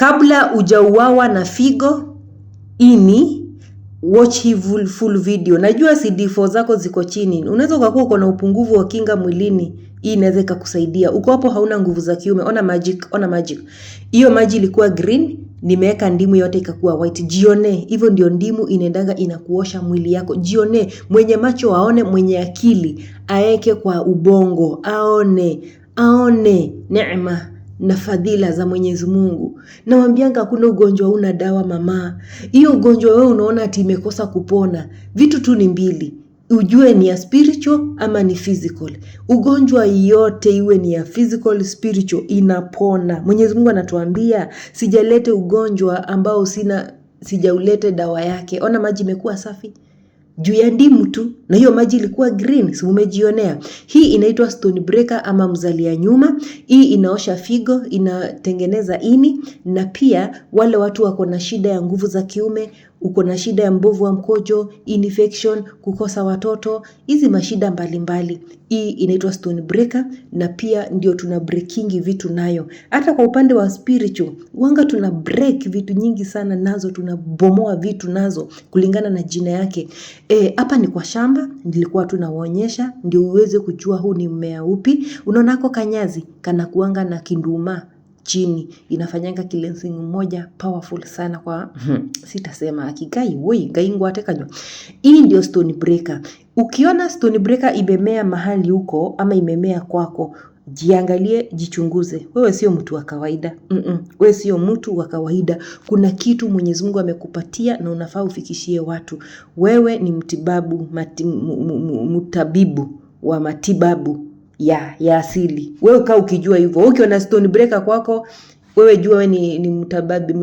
Kabla ujauawa na figo, ini, watch hii full video. Najua CD4 zako ziko chini, unaweza ukakuwa uko na upungufu wa kinga mwilini, hii inaweza ikakusaidia. Uko hapo hauna nguvu za kiume, ona magic, ona magic. Hiyo maji ilikuwa green, nimeweka ndimu yote ikakuwa white. Jione hivyo, ndio ndimu inaendaga inakuosha mwili yako. Jione mwenye macho aone, mwenye akili aeke kwa ubongo aone, aone neema na fadhila za Mwenyezi Mungu. Nawambianga hakuna ugonjwa una dawa mama. Hiyo ugonjwa wewe unaona ati imekosa kupona, vitu tu ni mbili, ujue ni ya spiritual ama ni physical. Ugonjwa yote iwe ni ya physical, spiritual, inapona. Mwenyezi Mungu anatuambia sijalete ugonjwa ambao sina sijaulete dawa yake. Ona maji imekuwa safi juu ya ndimu tu, na hiyo maji ilikuwa green, si umejionea? Hii inaitwa stone breaker ama mzalia nyuma. Hii inaosha figo, inatengeneza ini, na pia wale watu wako na shida ya nguvu za kiume uko na shida ya mbovu wa mkojo, infection, kukosa watoto, hizi mashida mbalimbali. Hii inaitwa stone breaker, na pia ndio tuna breaking vitu nayo. Hata kwa upande wa spiritual wanga tuna break vitu nyingi sana nazo, tunabomoa vitu nazo kulingana na jina yake. E, hapa e, ni kwa shamba nilikuwa tunawaonyesha, ndio uweze kujua huu ni mmea upi. Unaonako kanyazi kanakuanga na kinduma chini inafanyanga cleansing moja powerful sana kwa hmm. sitasema akigai woi gaingwa atekanywa hii ndio stone breaker ukiona stone breaker imemea mahali huko ama imemea kwako jiangalie jichunguze wewe sio mtu wa kawaida Mm-mm. wewe sio mtu wa kawaida kuna kitu mwenyezi mungu amekupatia na unafaa ufikishie watu wewe ni mtibabu mati, mtabibu wa matibabu ya ya asili. Wewe kaa ukijua hivyo, ukiona stone breaker kwako wewe jua wewe ni, ni mtababi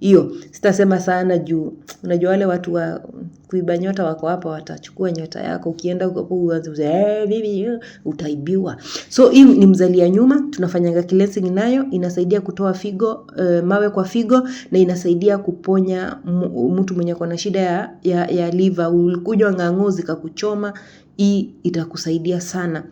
hiyo. Sitasema sana juu unajua wale watu wa kuiba nyota wako hapa, watachukua nyota yako, ukienda hapo uanze hey, eh, bibi eh, utaibiwa. So hii ni mzalia nyuma, tunafanyanga cleansing nayo, inasaidia kutoa figo uh, mawe kwa figo na inasaidia kuponya mtu mwenye kwa na shida ya, ya, ya liver. Ulikunywa ng'ang'o zikakuchoma, hii itakusaidia sana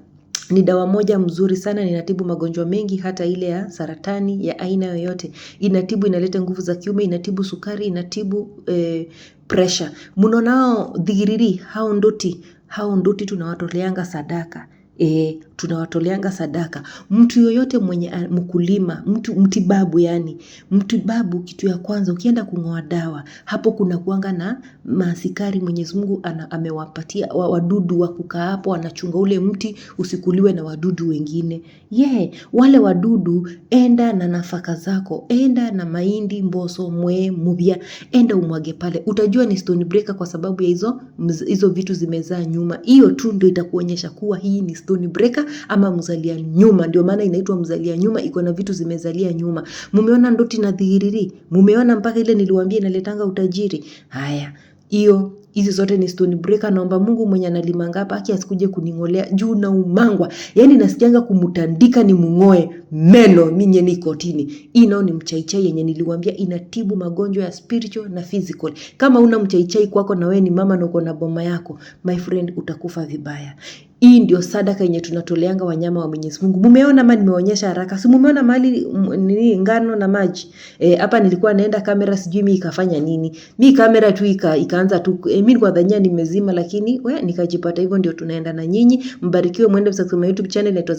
ni dawa moja mzuri sana, inatibu magonjwa mengi hata ile ya saratani ya aina yoyote. Inatibu, inaleta nguvu za kiume, inatibu sukari, inatibu eh, pressure. Mnaonao dhigiriri, hao nduti, hao nduti tunawatoleanga sadaka e, tunawatoleanga sadaka mtu yoyote mwenye mkulima mtu mtibabu yani mtibabu kitu ya kwanza ukienda kung'oa dawa hapo kuna kuanga na maasikari mwenyezi mungu amewapatia wa, wadudu wa kukaa hapo anachunga ule mti usikuliwe na wadudu wengine ye yeah, wale wadudu enda na nafaka zako enda na mahindi mboso mwee muvya enda umwage pale utajua ni stone breaker kwa sababu ya hizo hizo vitu zimezaa nyuma hiyo tu ndio itakuonyesha kuwa hii ni stone stone breaker ama mzalia nyuma. Ndio maana inaitwa mzalia nyuma, iko na vitu zimezalia nyuma. Mumeona ndoti na dhihiriri, mumeona mpaka ile niliwaambia inaletanga utajiri. Haya, hiyo hizi zote ni stone breaker. Naomba Mungu mwenye analimanga hapa aki asikuje kuning'olea juu na umangwa, yaani nasikianga kumtandika ni mung'oe meno minye ni kotini. Hii nao ni mchaichai yenye niliwambia inatibu magonjwa ya spiritual na physical. Kama una mchaichai kwako na wewe ni mama na uko na boma yako, my friend, utakufa vibaya. Hii ndio sadaka yenye tunatoleanga wanyama wa Mwenyezi Mungu. Mumeona ama nimeonyesha haraka. Si mumeona mali nini ngano na maji. E, hapa nilikuwa naenda kamera sijui mimi ikafanya nini. Mi kamera tu ika, ikaanza tu. E, eh, mimi nilikuwa dhania nimezima lakini we nikajipata hivyo ndio tunaenda na nyinyi. Mbarikiwe mwende msakuma YouTube channel inaitwa